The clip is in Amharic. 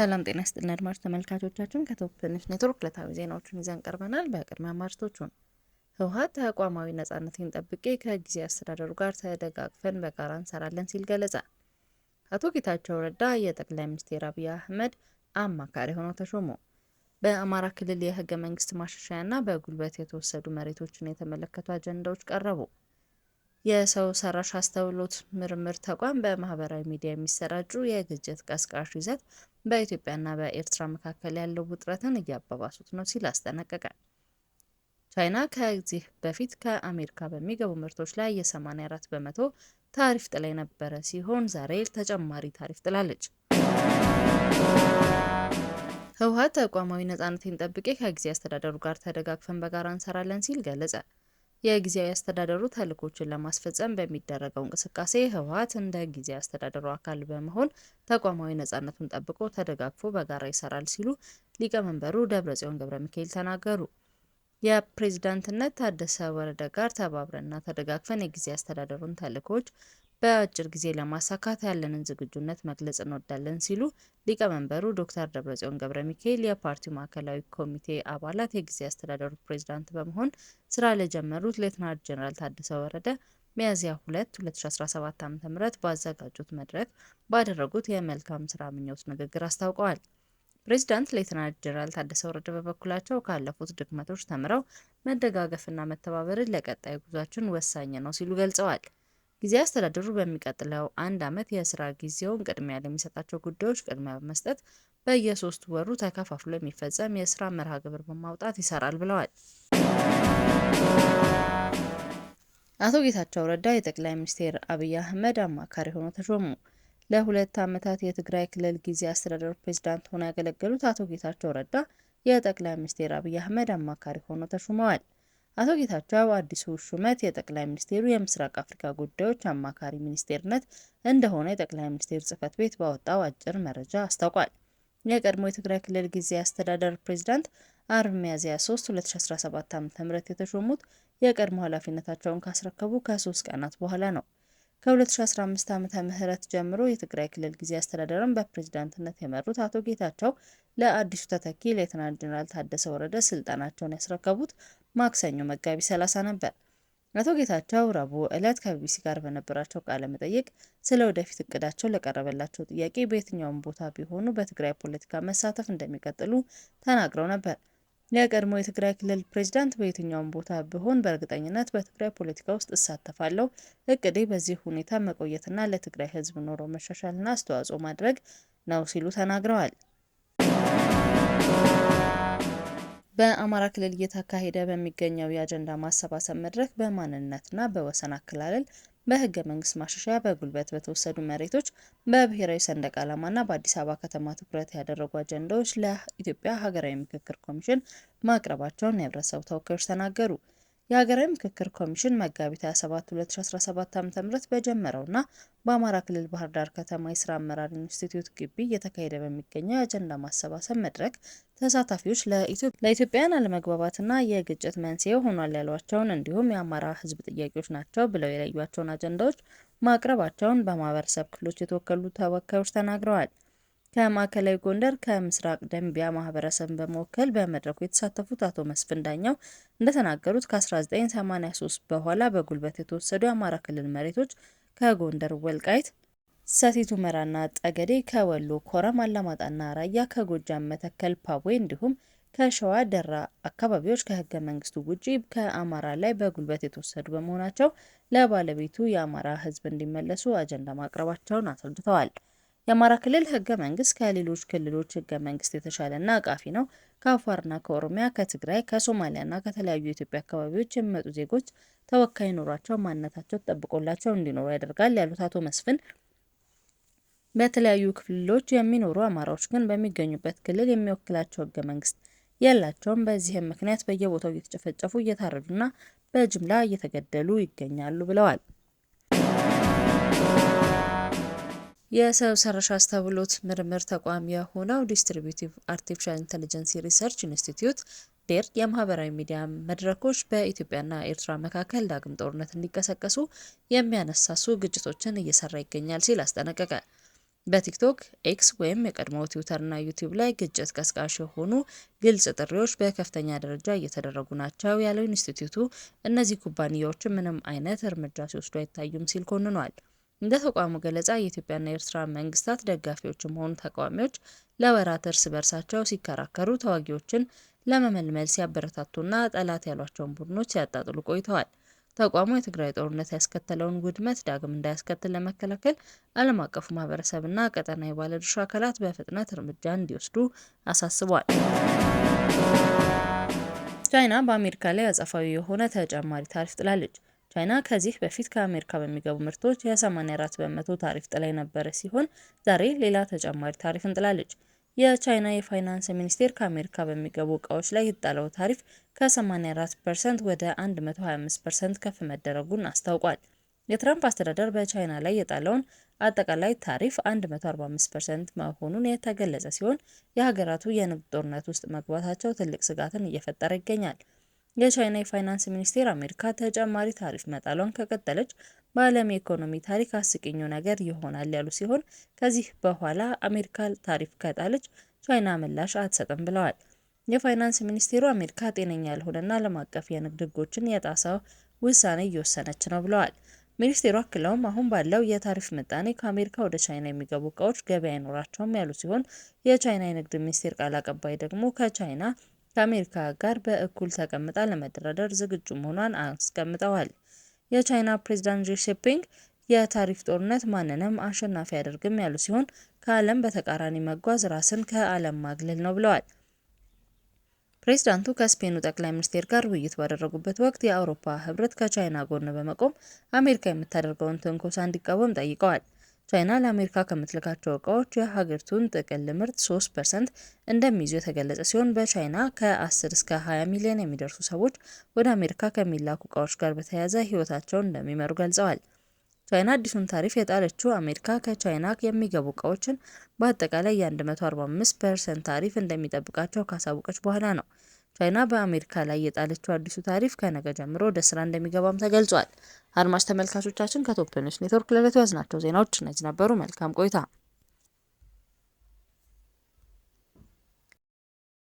ሰላም ጤና ስጥልን አድማጭ ተመልካቾቻችን ከቶፕ ትንሽ ኔትወርክ ዕለታዊ ዜናዎችን ይዘን ቀርበናል። በቅድሚያ አማርቶቹን ህወሓት ተቋማዊ ነጻነትን ጠብቄ ከጊዜ አስተዳደሩ ጋር ተደጋግፈን በጋራ እንሰራለን ሲል ገለጸ። አቶ ጌታቸው ረዳ የጠቅላይ ሚኒስትር አብይ አህመድ አማካሪ ሆነው ተሾሙ። በአማራ ክልል የህገ መንግስት ማሻሻያና በጉልበት የተወሰዱ መሬቶችን የተመለከቱ አጀንዳዎች ቀረቡ። የሰው ሰራሽ አስተውሎት ምርምር ተቋም በማህበራዊ ሚዲያ የሚሰራጩ የግጭት ቀስቃሽ ይዘት በኢትዮጵያና በኤርትራ መካከል ያለው ውጥረትን እያባባሱት ነው ሲል አስጠነቀቀ። ቻይና ከዚህ በፊት ከአሜሪካ በሚገቡ ምርቶች ላይ የ84 በመቶ ታሪፍ ጥላ የነበረ ሲሆን ዛሬ ተጨማሪ ታሪፍ ጥላለች። ህወሓት ተቋማዊ ነጻነትን ጠብቄ ከጊዜ አስተዳደሩ ጋር ተደጋግፈን በጋራ እንሰራለን ሲል ገለጸ። የጊዜያዊ አስተዳደሩ ተልኮችን ለማስፈጸም በሚደረገው እንቅስቃሴ ህወሓት እንደ ጊዜያዊ አስተዳደሩ አካል በመሆን ተቋማዊ ነፃነቱን ጠብቆ ተደጋግፎ በጋራ ይሰራል ሲሉ ሊቀመንበሩ ደብረጽዮን ሚካኤል ተናገሩ። የፕሬዝዳንትነት ታደሰ ወረደ ጋር ተባብረንና ተደጋግፈን የጊዜያዊ አስተዳደሩን ተልዕኮዎች በአጭር ጊዜ ለማሳካት ያለንን ዝግጁነት መግለጽ እንወዳለን ሲሉ ሊቀመንበሩ ዶክተር ደብረጽዮን ገብረ ሚካኤል የፓርቲው ማዕከላዊ ኮሚቴ አባላት የጊዜ አስተዳደሩ ፕሬዝዳንት በመሆን ስራ ለጀመሩት ሌትናንት ጄኔራል ታደሰ ወረደ ሚያዝያ 2 2017 ዓ.ም ባዘጋጁት መድረክ ባደረጉት የመልካም ስራ ምኞት ንግግር አስታውቀዋል። ፕሬዚዳንት ሌትናንት ጄኔራል ታደሰ ወረደ በበኩላቸው ካለፉት ድክመቶች ተምረው መደጋገፍና መተባበርን ለቀጣይ ጉዟችን ወሳኝ ነው ሲሉ ገልጸዋል። ጊዜ አስተዳደሩ በሚቀጥለው አንድ ዓመት የስራ ጊዜውን ቅድሚያ ለሚሰጣቸው ጉዳዮች ቅድሚያ በመስጠት በየሶስት ወሩ ተከፋፍሎ የሚፈጸም የስራ መርሃ ግብር በማውጣት ይሰራል ብለዋል። አቶ ጌታቸው ረዳ የጠቅላይ ሚኒስትር አብይ አህመድ አማካሪ ሆነው ተሾሙ። ለሁለት ዓመታት የትግራይ ክልል ጊዜ አስተዳደሩ ፕሬዝዳንት ሆነው ያገለገሉት አቶ ጌታቸው ረዳ የጠቅላይ ሚኒስትር አብይ አህመድ አማካሪ ሆነው ተሹመዋል። አቶ ጌታቸው አዲሱ ሹመት የጠቅላይ ሚኒስቴሩ የምስራቅ አፍሪካ ጉዳዮች አማካሪ ሚኒስቴርነት እንደሆነ የጠቅላይ ሚኒስቴር ጽህፈት ቤት ባወጣው አጭር መረጃ አስታውቋል። የቀድሞ የትግራይ ክልል ጊዜያዊ አስተዳደር ፕሬዚዳንት አርብ ሚያዝያ 3 2017 ዓ.ም የተሾሙት የቀድሞ ኃላፊነታቸውን ካስረከቡ ከሶስት ቀናት በኋላ ነው። ከ2015 ዓ.ም ጀምሮ የትግራይ ክልል ጊዜያዊ አስተዳደርን በፕሬዝዳንትነት የመሩት አቶ ጌታቸው ለአዲሱ ተተኪ ሌተናል ጀነራል ታደሰ ወረደ ስልጣናቸውን ያስረከቡት ማክሰኞ መጋቢት 30 ነበር። አቶ ጌታቸው ረቡዕ ዕለት ከቢቢሲ ጋር በነበራቸው ቃለ መጠይቅ ስለ ወደፊት እቅዳቸው ለቀረበላቸው ጥያቄ በየትኛውም ቦታ ቢሆኑ በትግራይ ፖለቲካ መሳተፍ እንደሚቀጥሉ ተናግረው ነበር። የቀድሞ የትግራይ ክልል ፕሬዚዳንት በየትኛውም ቦታ ቢሆን በእርግጠኝነት በትግራይ ፖለቲካ ውስጥ እሳተፋለሁ። እቅዴ በዚህ ሁኔታ መቆየትና ለትግራይ ሕዝብ ኑሮ መሻሻልና አስተዋጽኦ ማድረግ ነው ሲሉ ተናግረዋል። በአማራ ክልል እየተካሄደ በሚገኘው የአጀንዳ ማሰባሰብ መድረክ በማንነትና በወሰን አከላለል በህገ መንግስት ማሻሻያ በጉልበት በተወሰዱ መሬቶች በብሔራዊ ሰንደቅ ዓላማና በአዲስ አበባ ከተማ ትኩረት ያደረጉ አጀንዳዎች ለኢትዮጵያ ሀገራዊ ምክክር ኮሚሽን ማቅረባቸውን የህብረተሰቡ ተወካዮች ተናገሩ። የሀገራዊ ምክክር ኮሚሽን መጋቢት 27 2017 ዓ.ም በጀመረውና በአማራ ክልል ባህር ዳር ከተማ የስራ አመራር ኢንስቲትዩት ግቢ እየተካሄደ በሚገኘው የአጀንዳ ማሰባሰብ መድረክ ተሳታፊዎች ለኢትዮጵያውያን አለመግባባትና የግጭት መንስኤ ሆኗል ያሏቸውን እንዲሁም የአማራ ሕዝብ ጥያቄዎች ናቸው ብለው የለዩቸውን አጀንዳዎች ማቅረባቸውን በማህበረሰብ ክፍሎች የተወከሉ ተወካዮች ተናግረዋል። ከማዕከላዊ ጎንደር ከምስራቅ ደንቢያ ማህበረሰብን በመወከል በመድረኩ የተሳተፉት አቶ መስፍን ዳኛው እንደተናገሩት ከ1983 በኋላ በጉልበት የተወሰዱ የአማራ ክልል መሬቶች ከጎንደር ወልቃይት፣ ሰቲት ሁመራና ጠገዴ፣ ከወሎ ኮረም፣ አላማጣና ራያ፣ ከጎጃም መተከል ፓቦይ እንዲሁም ከሸዋ ደራ አካባቢዎች ከህገ መንግስቱ ውጪ ከአማራ ላይ በጉልበት የተወሰዱ በመሆናቸው ለባለቤቱ የአማራ ህዝብ እንዲመለሱ አጀንዳ ማቅረባቸውን አስረድተዋል። የአማራ ክልል ህገ መንግስት ከሌሎች ክልሎች ህገ መንግስት የተሻለና አቃፊ ነው። ከአፋርና ከኦሮሚያ ከትግራይ ከሶማሊያና ከተለያዩ የኢትዮጵያ አካባቢዎች የሚመጡ ዜጎች ተወካይ ኖሯቸው ማንነታቸው ተጠብቆላቸው እንዲኖሩ ያደርጋል ያሉት አቶ መስፍን በተለያዩ ክልሎች የሚኖሩ አማራዎች ግን በሚገኙበት ክልል የሚወክላቸው ህገ መንግስት የላቸውም። በዚህም ምክንያት በየቦታው እየተጨፈጨፉ እየታረዱና በጅምላ እየተገደሉ ይገኛሉ ብለዋል። የሰው ሰራሽ አስተውሎት ምርምር ተቋም የሆነው ዲስትሪቢቲቭ አርቲፊሻል ኢንተለጀንስ ሪሰርች ኢንስቲትዩት ዴር የማህበራዊ ሚዲያ መድረኮች በኢትዮጵያና ኤርትራ መካከል ዳግም ጦርነት እንዲቀሰቀሱ የሚያነሳሱ ግጭቶችን እየሰራ ይገኛል ሲል አስጠነቀቀ። በቲክቶክ፣ ኤክስ ወይም የቀድሞ ትዊተርና ዩቲዩብ ላይ ግጭት ቀስቃሽ የሆኑ ግልጽ ጥሪዎች በከፍተኛ ደረጃ እየተደረጉ ናቸው ያለው ኢንስቲትዩቱ እነዚህ ኩባንያዎችን ምንም አይነት እርምጃ ሲወስዱ አይታዩም ሲል ኮንኗል። እንደ ተቋሙ ገለጻ የኢትዮጵያና የኤርትራ መንግስታት ደጋፊዎችም ሆኑ ተቃዋሚዎች ለወራት እርስ በርሳቸው ሲከራከሩ፣ ተዋጊዎችን ለመመልመል ሲያበረታቱና ጠላት ያሏቸውን ቡድኖች ሲያጣጥሉ ቆይተዋል። ተቋሙ የትግራይ ጦርነት ያስከተለውን ውድመት ዳግም እንዳያስከትል ለመከላከል ዓለም አቀፉ ማህበረሰብና ቀጠና የባለድርሻ አካላት በፍጥነት እርምጃ እንዲወስዱ አሳስቧል። ቻይና በአሜሪካ ላይ አጸፋዊ የሆነ ተጨማሪ ታሪፍ ጥላለች። ቻይና ከዚህ በፊት ከአሜሪካ በሚገቡ ምርቶች የ84 በመቶ ታሪፍ ጥላ የነበረ ሲሆን ዛሬ ሌላ ተጨማሪ ታሪፍ እንጥላለች። የቻይና የፋይናንስ ሚኒስቴር ከአሜሪካ በሚገቡ እቃዎች ላይ የተጣለው ታሪፍ ከ84 ፐርሰንት ወደ 125 ፐርሰንት ከፍ መደረጉን አስታውቋል። የትራምፕ አስተዳደር በቻይና ላይ የጣለውን አጠቃላይ ታሪፍ 145 ፐርሰንት መሆኑን የተገለጸ ሲሆን የሀገራቱ የንግድ ጦርነት ውስጥ መግባታቸው ትልቅ ስጋትን እየፈጠረ ይገኛል። የቻይና የፋይናንስ ሚኒስቴር አሜሪካ ተጨማሪ ታሪፍ መጣሏን ከቀጠለች በዓለም የኢኮኖሚ ታሪክ አስቂኙ ነገር ይሆናል ያሉ ሲሆን ከዚህ በኋላ አሜሪካ ታሪፍ ከጣለች ቻይና ምላሽ አትሰጥም ብለዋል። የፋይናንስ ሚኒስቴሩ አሜሪካ ጤነኛ ያልሆነና ዓለም አቀፍ የንግድ ሕጎችን የጣሰ ውሳኔ እየወሰነች ነው ብለዋል። ሚኒስቴሩ አክለውም አሁን ባለው የታሪፍ ምጣኔ ከአሜሪካ ወደ ቻይና የሚገቡ እቃዎች ገበያ አይኖራቸውም ያሉ ሲሆን የቻይና የንግድ ሚኒስቴር ቃል አቀባይ ደግሞ ከቻይና ከአሜሪካ ጋር በእኩል ተቀምጣ ለመደራደር ዝግጁ መሆኗን አስቀምጠዋል። የቻይና ፕሬዝዳንት ዢ ጂንፒንግ የታሪፍ ጦርነት ማንንም አሸናፊ አያደርግም ያሉ ሲሆን ከዓለም በተቃራኒ መጓዝ ራስን ከዓለም ማግለል ነው ብለዋል። ፕሬዝዳንቱ ከስፔኑ ጠቅላይ ሚኒስቴር ጋር ውይይት ባደረጉበት ወቅት የአውሮፓ ህብረት ከቻይና ጎን በመቆም አሜሪካ የምታደርገውን ትንኮሳ እንዲቃወም ጠይቀዋል። ቻይና ለአሜሪካ ከምትልካቸው እቃዎች የሀገሪቱን ጥቅል ምርት 3 ፐርሰንት እንደሚይዙ የተገለጸ ሲሆን በቻይና ከ10 እስከ 20 ሚሊዮን የሚደርሱ ሰዎች ወደ አሜሪካ ከሚላኩ እቃዎች ጋር በተያያዘ ህይወታቸውን እንደሚመሩ ገልጸዋል። ቻይና አዲሱን ታሪፍ የጣለችው አሜሪካ ከቻይና የሚገቡ እቃዎችን በአጠቃላይ የ145 ፐርሰንት ታሪፍ እንደሚጠብቃቸው ካሳወቀች በኋላ ነው። ቻይና በአሜሪካ ላይ የጣለችው አዲሱ ታሪፍ ከነገ ጀምሮ ወደ ስራ እንደሚገባም ተገልጿል። አድማጭ ተመልካቾቻችን ከቶፕንሽ ኔትወርክ ለዕለቱ ያዝናቸው ዜናዎች እነዚህ ነበሩ። መልካም ቆይታ